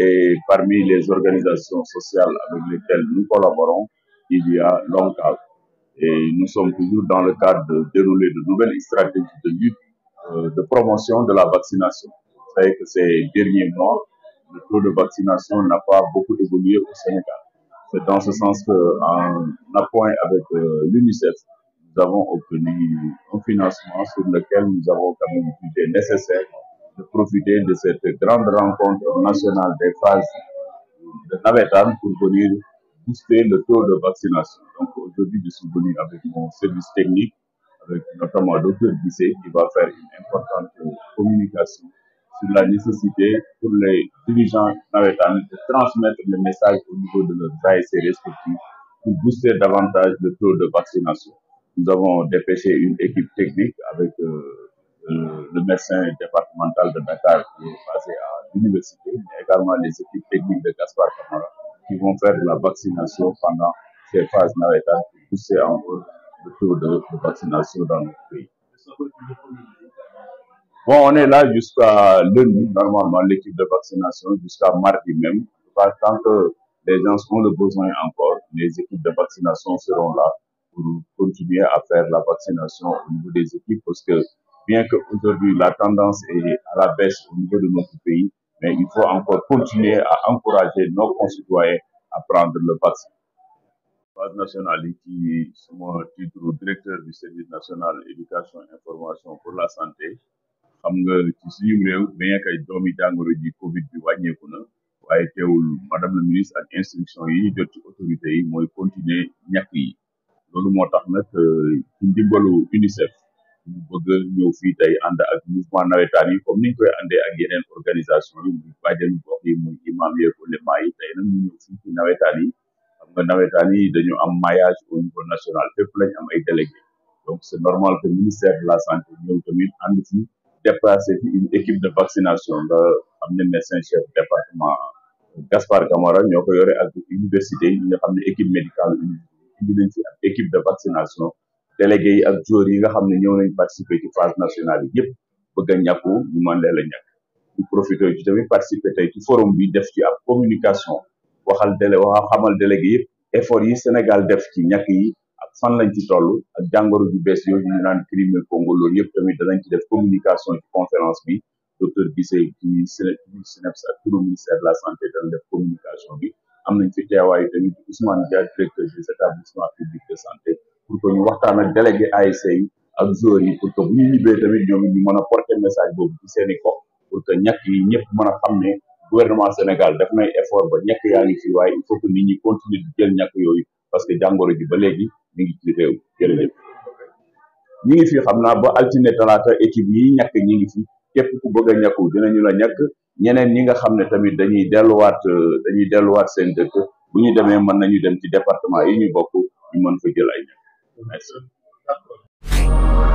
Et parmi les organisations sociales avec lesquelles nous collaborons, il y a l'ONCAV. Et nous sommes toujours dans le cadre de dérouler de nouvelles stratégies de lutte, euh, de promotion de la vaccination. Vous que ces derniers mois, le taux de vaccination n'a pas beaucoup évolué au Sénégal. C'est dans ce sens qu'en appoint avec euh, l'UNICEF, nous avons obtenu un financement sur lequel nous avons quand nécessaire de profiter de cette grande rencontre nationale des phases de navétane pour venir booster le taux de vaccination. Donc aujourd'hui, je suis venu avec mon service technique, avec notamment Dr Guissé, qui va faire une importante communication sur la nécessité pour les dirigeants navétanes de transmettre le message au niveau de leurs ASC respectifs pour booster davantage le taux de vaccination. Nous avons dépêché une équipe technique avec euh, le médecin départemental de Dakar qui est basé à l'université, mais également les équipes techniques de Gaspard Camara qui vont faire la vaccination pendant ces phases navétanes pour pousser en haut le taux de, de vaccination dans notre pays. Bon, on est là jusqu'à lundi, normalement, l'équipe de vaccination, jusqu'à mardi même. Tant les gens ont le besoin encore, les équipes de vaccination seront là pour continuer à faire la vaccination au niveau des équipes parce que bien qu'aujourd'hui la tendance est à la baisse au niveau de notre pays, mais il faut encore continuer à encourager nos concitoyens à prendre le vaccin. Base nationale yi ci sama titre directeur du service nationale éducation information pour la santé xam nga ci suñu réew bien que doomi jàngoro ji Covid bi wàññeeku na waaye teewul madame la ministre ak instruction yi ñu jot autorité yi mooy continuer ñàkk yi loolu moo tax nag euh, ci UNICEF mu bëgg ñëw fii tey ànd ak mouvement nawetaan yi ni niñ koy àndee ak yeneen organisation yi muy bàjjenu gox yi muy imam yeeg ulema yi tey nag ñëw fii ci nawetaan yi dañu am maillage au niveau national fépp lañ am ay délégué donc c'est normal que ministère de la santé ñëw tamit ànd fii déplacé fi une équipe de vaccination nga xam ne médecin chef Gaspard Camara ñoo ko yore ak université yi xam ne équipe médicale indi équipe de vaccination délégué yi ak joueurs yi nga xam ne ñëw nañ participer ci phase nationale yi yëpp bëgg a ñàkku ñu mën leen a ñàkk ñu profité ci tamit participer tey ci forum bi def ci ab communication waxal délé waxa xamal délégué yëpp effort yi Sénégal def ci ñàkk yi ak fan lañ ci toll ak jàngoro ju bees yooyu ñu naan Crimée Congo yëpp tamit danañ ci def communication ci conférence bi docteur Guissé ci SNEIPS turu ministère de la santé dana def communication bi am nañ fi teewaayu tamit Ousmane santé ñu waxtaan ak délégué ASC yi ak joueurs yi pour que bu ñu ñibbee tamit ñoom ñu mën a porter message boobu ci seen i pour que ñàkk yi ñëpp mën a xam ne gouvernement Sénégal def nay effort ba ñekk yaa ngi fi waaye il faut que nit ñi continuer jël ñàkk yooyu parce que jàngoro ji ba léegi ñu ngi ci fi xam naa ba altine talaata équipe yi ñàkk ñi ngi fi képp ku bëgg a ñàkku ñu la ñàkk ñeneen ñi nga xam ne tamit dañuy delluwaat dañuy delluwaat seen dëkk bu ñu demee mën nañu dem ci département yi ñu bokk mën fa jël Messe. Danke.